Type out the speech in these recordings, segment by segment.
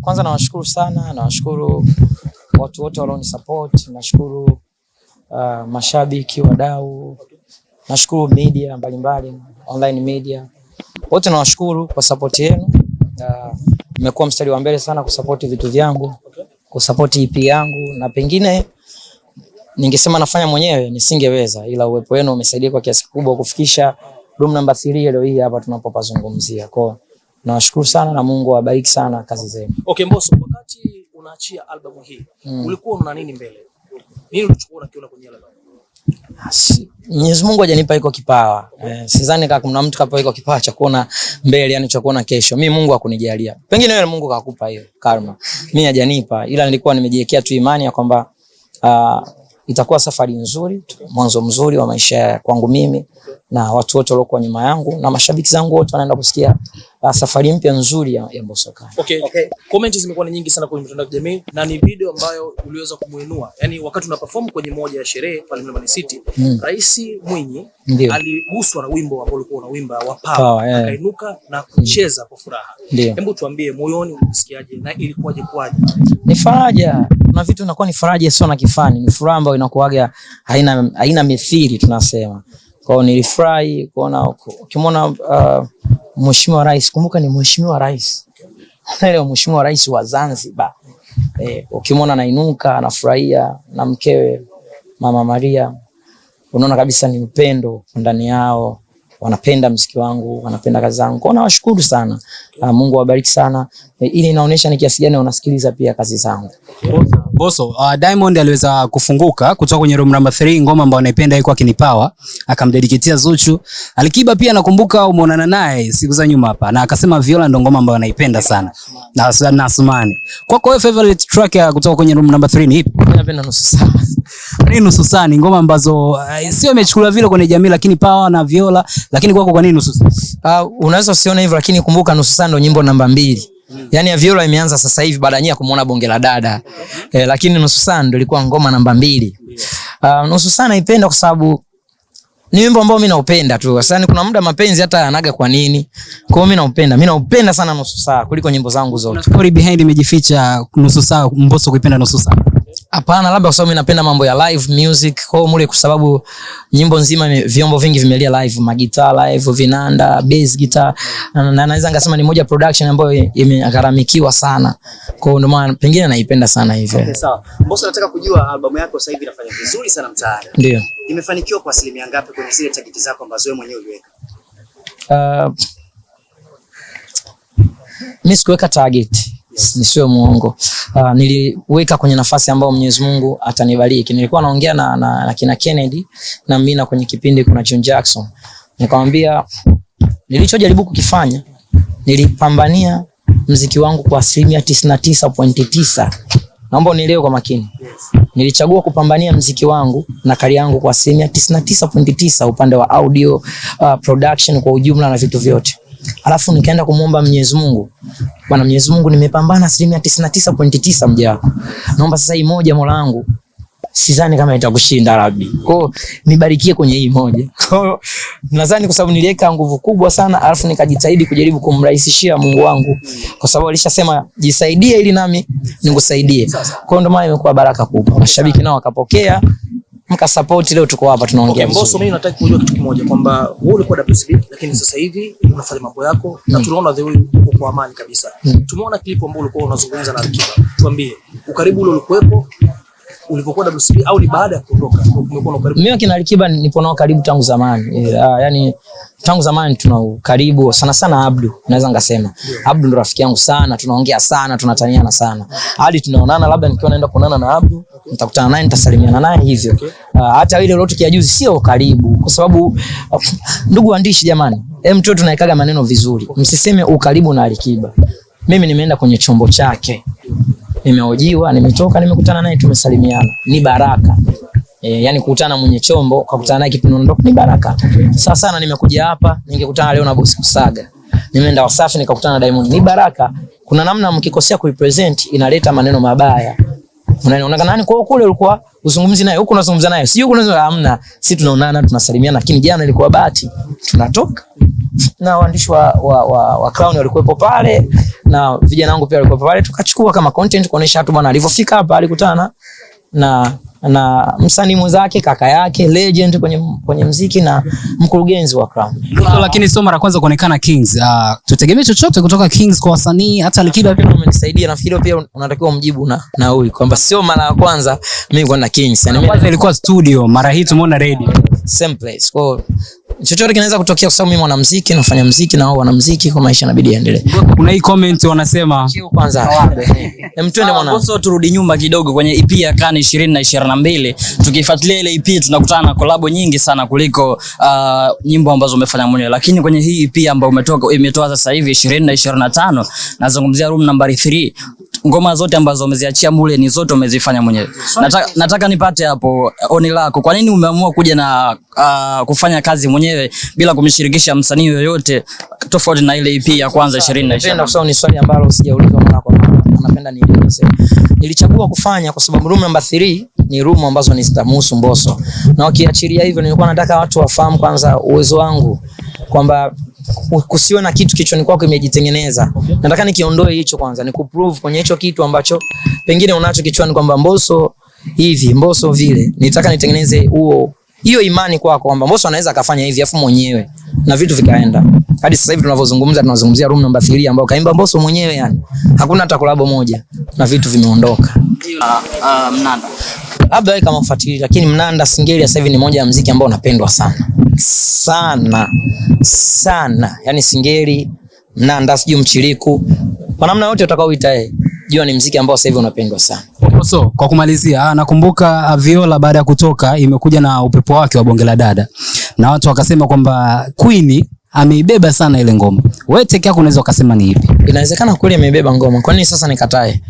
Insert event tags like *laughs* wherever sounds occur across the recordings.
kwanza nawashukuru sana, nawashukuru watu wote support, nashukuru uh, mashabiki, wadau, nashukuru media mbalimbali, online media, wote nawashukuru kwa support yenu. Uh, mmekuwa uh, mstari wa mbele sana kusupport vitu vyangu, kusupport EP yangu, na pengine ningesema nafanya mwenyewe nisingeweza, ila uwepo wenu umesaidia kwa kiasi kikubwa kufikisha room number 3 leo hii hapa tunapopazungumzia kwao Nawashukuru sana na Mungu awabariki sana kazi zenu. Okay, Mbosso, wakati unaachia albamu hii mm. ulikuwa una nini mbele? Nini ulichukua unakiona kwenye albamu? Mwenyezi Mungu hajanipa iko kipawa. Eh, sidhani kama kuna mtu kapewa iko kipawa cha kuona mbele, yani cha kuona kesho. Mimi Mungu hakunijalia. Pengine wewe Mungu kakupa hiyo karma. Mimi hajanipa ila nilikuwa nimejiwekea tu imani ya kwamba uh, itakuwa safari nzuri, mwanzo mzuri wa maisha kwangu mimi na watu wote waliokuwa nyuma yangu na mashabiki zangu wote wanaenda kusikia uh, safari mpya nzuri ya, ya Mbosso Kaya. Okay. Okay. Comments zimekuwa nyingi sana kwenye mitandao ya kijamii na ni video ambayo uliweza kumuinua. Yaani wakati una perform kwenye moja ya sherehe pale Mlimani City, mm. Rais Mwinyi aliguswa na wimbo ambao ulikuwa unaimba wa oh, yeah. Akainuka na hmm. kucheza mm. kwa furaha. Hebu tuambie moyoni unasikiaje na ilikuwaje kwaje? Ni faraja kuna vitu inakuwa ni faraja sio na kifani, ni furaha ambayo inakuaga haina haina mithili tunasema. Kwa hiyo nilifurahi kuona ukimwona uh, mheshimiwa rais, kumbuka ni mheshimiwa rais, unaelewa, *laughs* mheshimiwa rais wa Zanzibar eh, ukimwona anainuka anafurahia na mkewe mama Maria, unaona kabisa ni upendo ndani yao wanapenda mziki wangu, wanapenda kazi zangu. Kwa nawashukuru sana. Uh, Mungu awabariki sana. Eh, ili inaonyesha ni kiasi gani wanasikiliza pia kazi zangu. Boso, uh, Diamond aliweza kufunguka kutoka kwenye Room Number 3 ngoma ambayo anaipenda iko akinipawa, akamdedicatea Zuchu. Alikiba pia nakumbuka umeonana naye siku za nyuma hapa na akasema Viola ndio ngoma ambayo anaipenda sana. Na na Asmani. Kwako wewe favorite track ya kutoka kwenye Room Number 3 ni ipi? Napenda nusu saa. Ni nusu saa ni ngoma ambazo uh, sio imechukuliwa vile kwenye jamii lakini Pawa na Viola lakini kwako kwa nini nusu saa? Uh, unaweza usione hivyo lakini kumbuka nusu saa ndio nyimbo namba mbili. Yaani ya Viola imeanza sasa hivi baada ya kumuona bonge la dada. Eh, lakini nusu saa ndio ilikuwa ngoma namba mbili. Uh, nusu saa naipenda kwa sababu ni wimbo ambao mimi naupenda tu. Sasa ni kuna muda mapenzi hata yanaga kwa nini? Kwa hiyo mimi naupenda. Mimi naupenda sana nusu saa kuliko nyimbo zangu zote. Story behind imejificha nusu saa, Mbosso kuipenda nusu saa. Hapana, labda kwa sababu mimi napenda mambo ya live music kwao mule, kwa sababu nyimbo nzima vyombo vingi vimelia live, magitaa live, vinanda, bass guitar, na naweza ngasema ni moja production ambayo imegharamikiwa sana, kwa ndio maana pengine naipenda sana hivyo. Okay, sawa. Mbona nataka kujua albamu yako sasa hivi inafanya vizuri sana mtaani. Ndio. Imefanikiwa kwa asilimia ngapi kwenye zile target zako ambazo wewe mwenyewe uliweka? Uh, mimi sikuweka target. Yes. Nisiwe muongo uh, niliweka kwenye nafasi ambayo Mwenyezi Mungu atanibariki. Nilikuwa naongea na, na, na kina Kennedy na Mina kwenye kipindi kuna John Jackson, nikamwambia nilichojaribu kukifanya, nilipambania mziki wangu kwa asilimia 99.9. Naomba unielewe kwa makini. Nilichagua kupambania mziki wangu na kari yangu kwa asilimia 99.9 upande wa audio, uh, production kwa ujumla na vitu vyote Alafu nikaenda kumuomba Mwenyezi Mungu. Bwana Mwenyezi Mungu, nimepambana asilimia tisini na tisa pointi tisa mja Naomba sasa hii moja Mola wangu. Sidhani kama itakushinda Rabbi. Kwa hiyo nibarikie kwenye hii moja. *laughs* Kwa hiyo nadhani kwa sababu niliweka nguvu kubwa sana alafu nikajitahidi kujaribu kumrahisishia Mungu wangu. Kwa sababu alishasema jisaidie ili nami nikusaidie. Kwa hiyo ndio maana imekuwa baraka kubwa. Mashabiki nao wakapokea mka support leo tuko hapa tunaongea vizuri. Mbosso, mimi nataka kujua kitu kimoja kwamba wewe ulikuwa WCB lakini sasa hivi unafanya mambo yako na tunaona the way uko kwa amani kabisa. Hmm. Tumeona clip ambayo ulikuwa unazungumza na Alikiba. Tuambie, ukaribu ule ulikuwepo ulipokuwa WCB au ni baada ya kuondoka? na Mimi na Alikiba nipo nao karibu tangu zamani. Yaani yani tangu zamani tuna ukaribu sana sana. Abdu naweza ngasema yeah. Abdu ndo rafiki yangu sana, tunaongea sana, tunataniana sana hadi tunaonana, labda nikiwa naenda kuonana na Abdu okay. nitakutana naye, nitasalimiana naye hivyo. Ah, hata ile lolote kiajuzi sio ukaribu, kwa sababu ndugu waandishi, jamani, hem eh, tu tunaikaga maneno vizuri, msiseme ukaribu na Alikiba. Mimi nimeenda kwenye chombo chake, nimeojiwa, nimetoka, nimekutana naye, tumesalimiana, ni baraka E, yani kukutana mwenye chombo kwa kukutana naye kipindi unaondoka ni baraka. Sasa sana nimekuja hapa, ningekutana leo na bosi Kusaga. Nimeenda Wasafi nikakutana na Diamond. Ni baraka. Kuna namna mkikosea kuipresent inaleta maneno mabaya. Unaona Unaonekana nani kwa kule ulikuwa uzungumzi naye, huko unazungumza naye. Sio huko unazungumza hamna. Sisi tunaonana, tunasalimiana, lakini jana ilikuwa bahati. Tunatoka. Na waandishi wa wa, wa, wa Clown walikuwepo pale na vijana wangu pia walikuwa pale, tukachukua kama content kuonesha watu bwana alivyofika hapa alikutana na na msanii mwenzake kaka yake legend kwenye, kwenye mziki na mkurugenzi wa Crown. So, ah. lakini sio mara kwanza kuonekana Kings. Uh, tutegemee chochote kutoka Kings kwa wasanii hata Likido pia umenisaidia. Nafikiri pia unatakiwa mjibu na na huyu kwamba sio mara ya kwanza mimi kwa na Kings. Yaani kwanza ilikuwa studio, mara hii tumeona radio. Same place. Kwa chochote kinaweza kutokea, kwa sababu mimi mwanamuziki nafanya muziki na wao wanamuziki, kwa maisha inabidi yaendelee. Kuna hii comment wanasema kwanza, hem, *laughs* twende mwana boss, turudi nyumba kidogo kwenye EP ya 20 na 22. Tukifuatilia ile EP tunakutana na collab nyingi sana kuliko uh, nyimbo ambazo umefanya mwenyewe, lakini kwenye hii EP ambayo umetoka imetoa sasa hivi 20 na 25 nazungumzia room nambari ngoma zote ambazo umeziachia mule ni zote umezifanya mwenyewe. Nataka, nataka nipate hapo eh, oni lako, kwa nini umeamua kuja na uh, kufanya kazi mwenyewe bila kumshirikisha msanii yoyote tofauti na ile EP ya kwanza 2020? Ni swali ambalo sijaulizwa mara kwa mara, napenda nieleze. Nilichagua kufanya kwa sababu room number 3 ni room ambazo ni zitamuhusu Mbosso, na ukiachilia hivyo, nilikuwa nataka watu wafahamu kwanza uwezo wangu kwamba kusiwe na kitu kichwani kwako imejitengeneza. Okay. Nataka nikiondoe hicho kwanza, nikuprove kwenye hicho kitu ambacho pengine unacho kichwani kwamba Mbosso hivi, Mbosso vile. Nitaka nitengeneze huo hiyo imani kwako kwamba Mbosso anaweza akafanya hivi afu mwenyewe na vitu vikaenda. Hadi sasa hivi tunavyozungumza tunazungumzia room number 3 ambayo kaimba Mbosso mwenyewe yani. Hakuna hata collab moja na vitu vimeondoka. Uh, uh, Mnanda labda wewe kama ufuatili, lakini mnanda singeli sasa hivi ni moja ya mziki ambao unapendwa sana sana sana, yani singeli, mnanda, sijui mchiriku, kwa namna yote utakaoita yeye, jua ni mziki ambao sasa hivi unapendwa sana. So, kwa kumalizia, nakumbuka Aviola baada ya kutoka imekuja na upepo wake wa bonge la dada na watu wakasema kwamba Queen ameibeba sana ile ngoma. Wewe teke yako unaweza ukasema ni ipi? Inawezekana kweli ameibeba ngoma. Kwa nini sasa nikatae?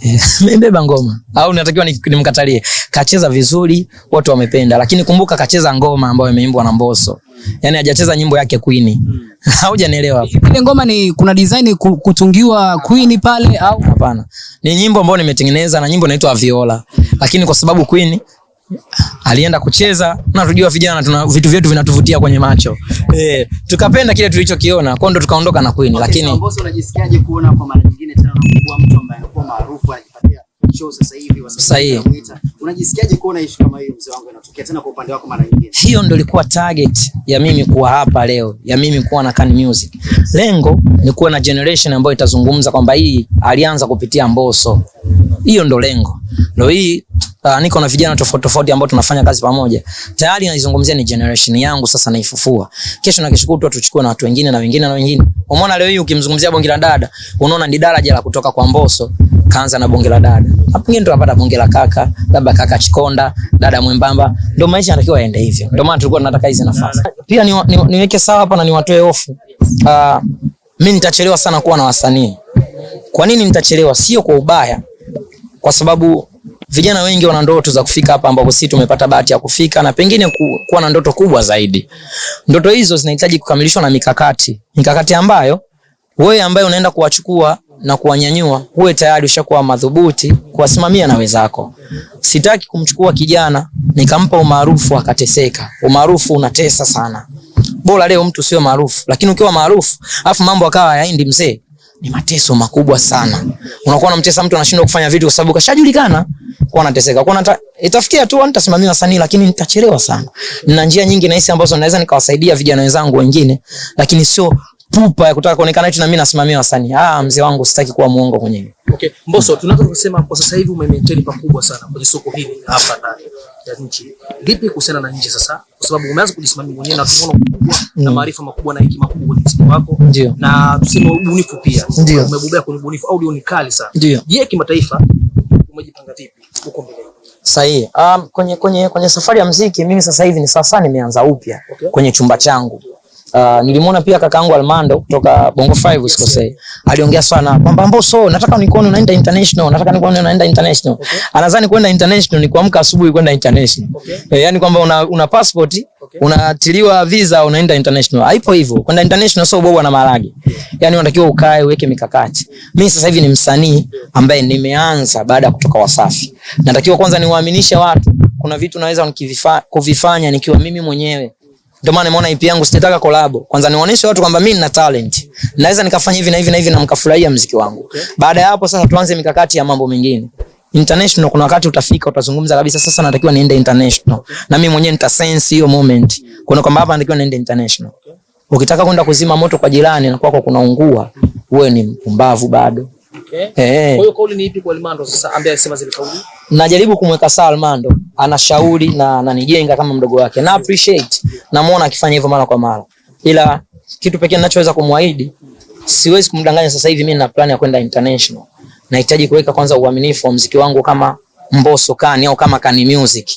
Eh, *laughs* ameibeba ngoma. Au natakiwa nimkatalie? Kacheza vizuri, watu wamependa. Lakini kumbuka kacheza ngoma ambayo imeimbwa na Mbosso. Yaani hajacheza nyimbo yake Queen. *laughs* Haujanielewa. Ile ngoma ni kuna design kutungiwa Queen pale au hapana? Ni nyimbo ambayo nimetengeneza na nyimbo inaitwa Viola. Lakini kwa sababu Queen alienda kucheza na tujua vijana tuna vitu vyetu vinatuvutia kwenye macho eh, tukapenda kile tulichokiona, kwa ndo tukaondoka na Queen. Okay, lakini Mbosso, unajisikiaje kuona kwa mara nyingine tena unakuwa mtu ambaye anakuwa maarufu anajipatia show sasa hivi, wasanii hivi, unajisikiaje kuona issue kama hiyo mzee wangu inatokea tena kwa upande wako mara nyingine? Hiyo ndo ilikuwa target ya mimi kuwa hapa leo, ya mimi kuwa na Kan Music. Lengo ni kuwa na generation ambayo itazungumza kwamba hii alianza kupitia Mbosso. Hiyo ndo lengo, ndo hii uh, niko na vijana tofauti tofauti ambao tunafanya kazi pamoja. Tayari naizungumzia ni generation yangu sasa naifufua. Kesho na kesho kutwa tuchukue na watu wengine na wengine na wengine. Umeona leo hii ukimzungumzia bonge la dada, unaona ni daraja la kutoka kwa Mbosso kaanza na bonge la dada. Hapo ngine tunapata bonge la kaka, labda kaka Chikonda, dada mwembamba. Ndio maisha yanatakiwa yaende hivyo. Ndio maana tulikuwa tunataka hizi nafasi. Pia niweke ni, ni, ni sawa hapa na niwatoe hofu. Uh, ah, mimi nitachelewa sana kuwa na wasanii. Kwa nini nitachelewa? Sio kwa ubaya. Kwa sababu Vijana wengi wana ndoto za kufika hapa ambapo sisi tumepata bahati ya kufika na pengine ku, kuwa na ndoto kubwa zaidi. Ndoto hizo zinahitaji kukamilishwa na mikakati, mikakati ambayo wewe ambaye unaenda kuwachukua na kuwanyanyua uwe tayari ushakuwa madhubuti kuwasimamia na wenzako. Sitaki kumchukua kijana nikampa umaarufu akateseka. Umaarufu unatesa sana. Bora leo mtu sio maarufu, lakini ukiwa maarufu afu mambo akawa hayaendi mzee, ni mateso makubwa sana. Unakuwa unamtesa mtu anashindwa kufanya vitu kwa sababu kashajulikana kuwa nateseka. Kwa nata itafikia tu nitasimamia wasanii lakini nitachelewa sana. Na njia nyingi na hisi ambazo naweza nikawasaidia vijana wenzangu wengine lakini sio pupa ya kutaka kuonekana eti na mimi nasimamia wasanii. Ah, mzee wangu sitaki kuwa muongo kwenye hiyo. Okay. Mbosso, Tunataka kusema kwa sasa hivi ume maintain pakubwa sana kwenye soko hili hapa ndani ya nchi. Vipi kuhusiana na nje sasa? Kwa sababu umeanza kujisimamia mwenyewe na tunaona kubwa na maarifa makubwa na hekima kubwa kwenye msimu wako. Ndio. Na tuseme ubunifu pia. Umebobea kwenye ubunifu, au ni kali sana. Je, kimataifa umejipanga vipi huko mbele? Sahihi. Um, kwenye, kwenye, kwenye safari ya mziki mimi sasa hivi ni sasa nimeanza upya okay. kwenye chumba changu okay. Uh, ah, nilimwona pia kaka yangu Almando kutoka Bongo 5 usikosee. aliongea sana kwamba Mbosso, nataka nikuone unaenda international, nataka nikuone unaenda international. Okay. Anadhani kwenda international ni kuamka asubuhi kwenda international. Okay. E, yani kwamba una, una passport okay, unatiliwa visa unaenda international. Haipo hivyo. Kwenda international sio bobo na maragi. Yani unatakiwa ukae uweke mikakati. Mimi sasa hivi ni msanii ambaye nimeanza baada ya kutoka Wasafi. Natakiwa kwanza niwaaminishe watu kuna vitu naweza kuvifanya nikiwa mimi mwenyewe ndio maana nimeona EP yangu collab. Kwanza niwaoneshe watu kwamba mimi nina talent. Naweza nikafanya hivi na hivi na hivi na mkafurahia muziki wangu. Baada ya hapo sasa tuanze mikakati ya mambo mengine. International kuna wakati utafika utazungumza kabisa sasa natakiwa niende international. Na mimi mwenyewe nita sense hiyo moment. Kuna kwamba hapa natakiwa niende international. Ukitaka kwenda kuzima moto kwa jirani na kwako kunaungua, wewe ni mpumbavu bado. Okay. Hey. Eh, eh. Kwa hiyo kauli ni ipi kwa Almando sasa ambaye alisema zile kauli? Najaribu kumweka sawa Almando, anashauri na ananijenga kama mdogo wake. Na appreciate namuona akifanya hivyo mara kwa mara, ila kitu pekee ninachoweza kumwahidi, siwezi kumdanganya sasa hivi mimi na plan ya kwenda international. Nahitaji kuweka kwanza uaminifu wa mziki wangu kama Mbosso Kani au kama Kani Music.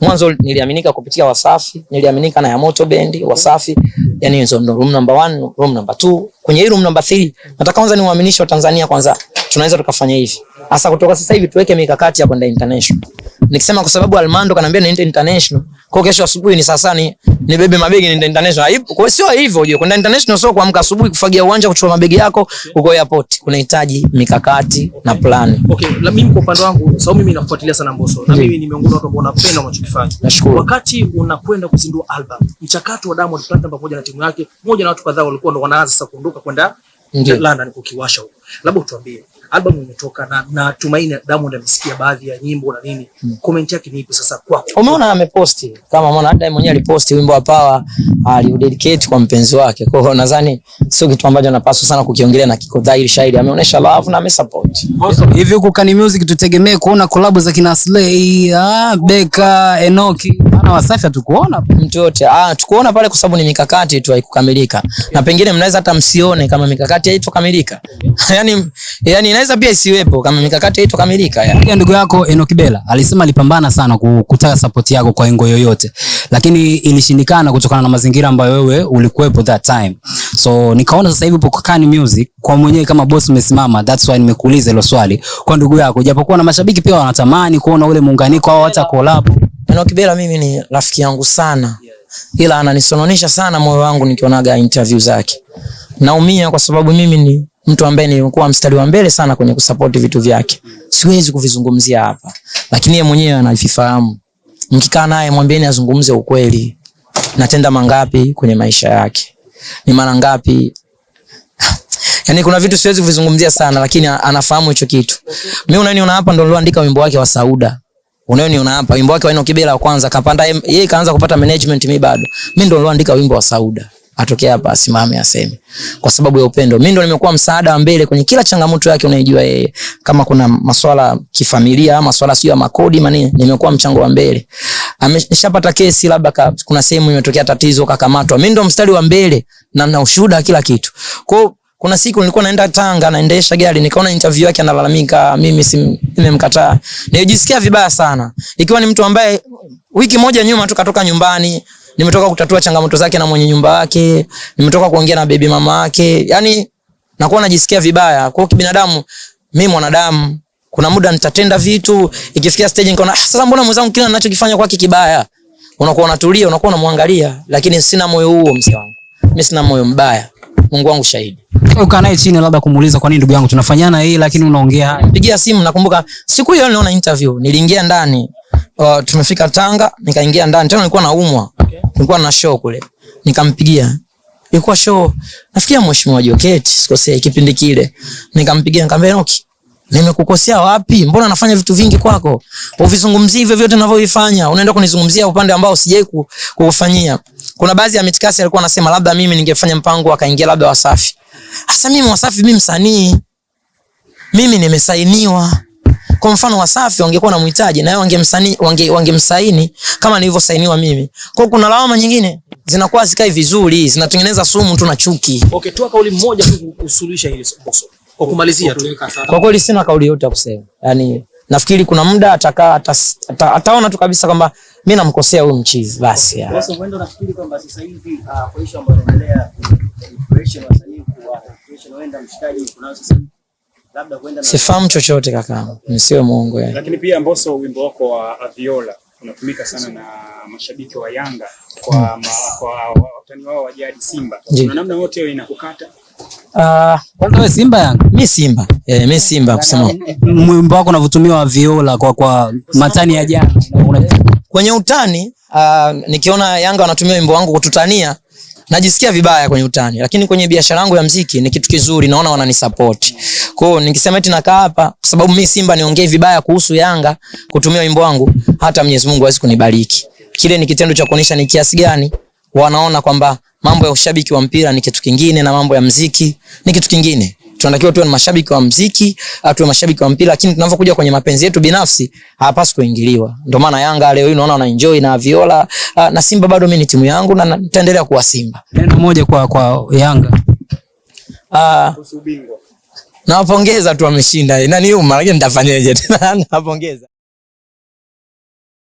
Mwanzo niliaminika kupitia Wasafi, niliaminika na Yamoto Band, Wasafi. Yani hizo ndo room number 1, room number 2. Kwenye hii room number 3, nataka kwanza niwaaminishe Watanzania kwanza tunaweza tukafanya hivi. Hasa kutoka sasa hivi tuweke mikakati ya kwenda international. Nikisema kwa sababu Almando kaniambia niende international, kwa kesho asubuhi ni sasa ni nibebe mabegi niende international. Kwa sio hivyo unajua. Kwenda international sio kuamka asubuhi kufagia uwanja kuchukua mabegi yako uko airport. Kunahitaji mikakati na plani. Okay, la mimi kwa upande wangu, sababu mimi nafuatilia sana Mbosso na mimi ni miongoni mwa watu ambao wanapenda unachokifanya. Nashukuru. Wakati unakwenda kuzindua album, mchakato wa Diamond Platinum pamoja na timu yake, moja na watu kadhaa walikuwa ndo wanaanza sasa kuondoka kwenda London kukiwasha huko labda utuambie albamu imetoka na natumaini Diamond amesikia baadhi ya nyimbo na nini, hmm. comment yake ni ipi sasa kwako? Umeona ameposti kama umeona hata mwenyewe aliposti wimbo wa Power aliudedicate kwa mpenzi wake. Kwa hiyo nadhani sio kitu ambacho napaswa sana kukiongelea, na kiko dhahiri shahidi ameonyesha love na amesupport. Hivi huko Kani Music tutegemee kuona collab za kina Slay, ah Beka, Enoki na Wasafi tukuona mtu yote ah, tukuona pale kwa sababu ni mikakati tu haikukamilika, na pengine mnaweza hata msione kama mikakati haitokamilika *laughs* yani, yani inaweza pia isiwepo kama mikakati itokamilika. Ya ndugu yako Enoch Bella alisema alipambana sana kutaka support yako kwa engo yoyote, lakini ilishindikana kutokana na mazingira ambayo wewe ulikuwepo that time. So nikaona sasa hivi upo kwa Khan Music kwa mwenyewe kama boss umesimama, that's why nimekuuliza hilo swali kwa ndugu yako, japokuwa na mashabiki pia wanatamani kuona ule muunganiko au hata collab. Enoch Bella mimi ni rafiki yangu sana ila ananisononisha sana moyo wangu nikionaga interview zake. Naumia kwa sababu mimi ni mtu ambaye nilikuwa mstari wa mbele sana kwenye kusupport vitu vyake. Siwezi kuvizungumzia hapa, lakini yeye mwenyewe anavifahamu. Mkikaa naye mwambieni azungumze ukweli. Natenda mangapi kwenye maisha yake? Ni mara ngapi? *sighs* yani kuna vitu siwezi kuvizungumzia sana lakini anafahamu hicho kitu. Mimi unaniona hapa ndo nilioandika wimbo wake wa Sauda. Unaniona hapa wimbo wake wa Enoch Kibela wa kwanza kapanda yeye kaanza kupata management mimi bado. Mimi ndo niloandika wimbo wa Sauda atokee hapa asimame aseme kwa sababu ya upendo. Mimi ndo nimekuwa msaada wa mbele kwenye kila changamoto yake unaijua yeye. Kama kuna masuala kifamilia, masuala sio ya makodi mani, nimekuwa mchango wa mbele. Ameshapata kesi labda kuna sehemu imetokea tatizo kakamatwa. Mimi ndo mstari wa mbele na na ushuhuda kila kitu. Kwa kuna siku nilikuwa naenda Tanga naendesha gari nikaona interview yake analalamika, mimi si nimemkataa, Nilijisikia vibaya sana. Ikiwa ni mtu ambaye wiki moja nyuma tu katoka nyumbani nimetoka kutatua changamoto zake na mwenye nyumba yake, nimetoka kuongea na bebi mama yake. Yani nakuwa najisikia vibaya kwa hiyo kibinadamu, mimi mwanadamu, kuna muda nitatenda vitu, ikifikia stage nikaona ah, sasa mbona mwenzangu kile ninachokifanya kwake kibaya? Unakuwa unatulia, unakuwa unamwangalia, lakini sina moyo huo, mzee wangu, mimi sina moyo mbaya, Mungu wangu shahidi. Ukaa naye chini labda kumuuliza kwa nini ndugu yangu tunafanyana hii lakini unaongea. Pigia simu nakumbuka siku hiyo niliona interview, niliingia ndani uh, tumefika Tanga, nikaingia ndani tena, nilikuwa naumwa okay. nilikuwa na show kule, nikampigia ilikuwa show nafikia mheshimiwa Joketi sikosei, kipindi kile nikampigia nikamwambia, Enoki nimekukosea wapi? Mbona nafanya vitu vingi kwako, uvizungumzie hivyo vyote ninavyovifanya, unaenda kunizungumzia upande ambao sijai kukufanyia. Kuna baadhi ya mitikasi alikuwa anasema labda mimi ningefanya mpango akaingia labda Wasafi. Hasa mimi Wasafi, mimi msanii, mimi nimesainiwa kwa mfano Wasafi wangekuwa na mhitaji na yeye wangemsaini wange, wangemsaini kama nilivyosainiwa mimi. Kwa kuna lawama nyingine zinakuwa zikai vizuri, zinatengeneza sumu tu na chuki. Okay, tu kauli moja tu kusuluhisha hili boso. Kwa kumalizia tu. Kwa kweli sina kauli yote ya kusema. Yaani nafikiri kuna muda atakaa ataona ata, tu kabisa kwamba mimi namkosea huyu mchizi basi. Okay. Sasa uende nafikiri kwamba sasa hivi ah, kwa issue ambayo inaendelea, pressure eh, wasanii kwa pressure naenda mshikaji kuna sasa hivi Sifahamu chochote kaka, nisiwe mwongo yani. Lakini pia Mbosso, wimbo wako wa Aviola unatumika sana na mashabiki wa Yanga kwa hmm. ma, kwa watani wao wa jadi Simba. Kuna namna yote inakukata? Ah, kwanza wewe Simba Yanga? Mi Simba. Eh, mimi Simba kusema. Mwimbo wako unavyotumiwa Aviola kwa kwa matani ya jana. Kwenye utani, uh, nikiona Yanga wanatumia wimbo wangu kututania najisikia vibaya kwenye utani, lakini kwenye biashara yangu ya mziki ni kitu kizuri, naona wananisapoti. Kwa hiyo nikisema eti nakaa hapa kwa sababu mimi Simba niongee vibaya kuhusu Yanga kutumia wimbo wangu, hata Mwenyezi Mungu hawezi kunibariki. Kile ni kitendo cha kuonyesha ni kiasi gani wanaona kwamba mambo ya ushabiki wa mpira ni kitu kingine na mambo ya mziki ni kitu kingine tunatakiwa tuwe mashabiki wa mziki, tuwe mashabiki wa mpira, lakini tunavyokuja kwenye mapenzi yetu binafsi hapaswi kuingiliwa. Ndio maana Yanga leo hii unaona wana enjoy na Viola ah, na Simba, bado mimi ni timu yangu na nitaendelea kuwa Simba. Neno moja kwa kwa Yanga, ah, nawapongeza tu, wameshinda, niuma, lakini nitafanyaje tena? *laughs* Nawapongeza.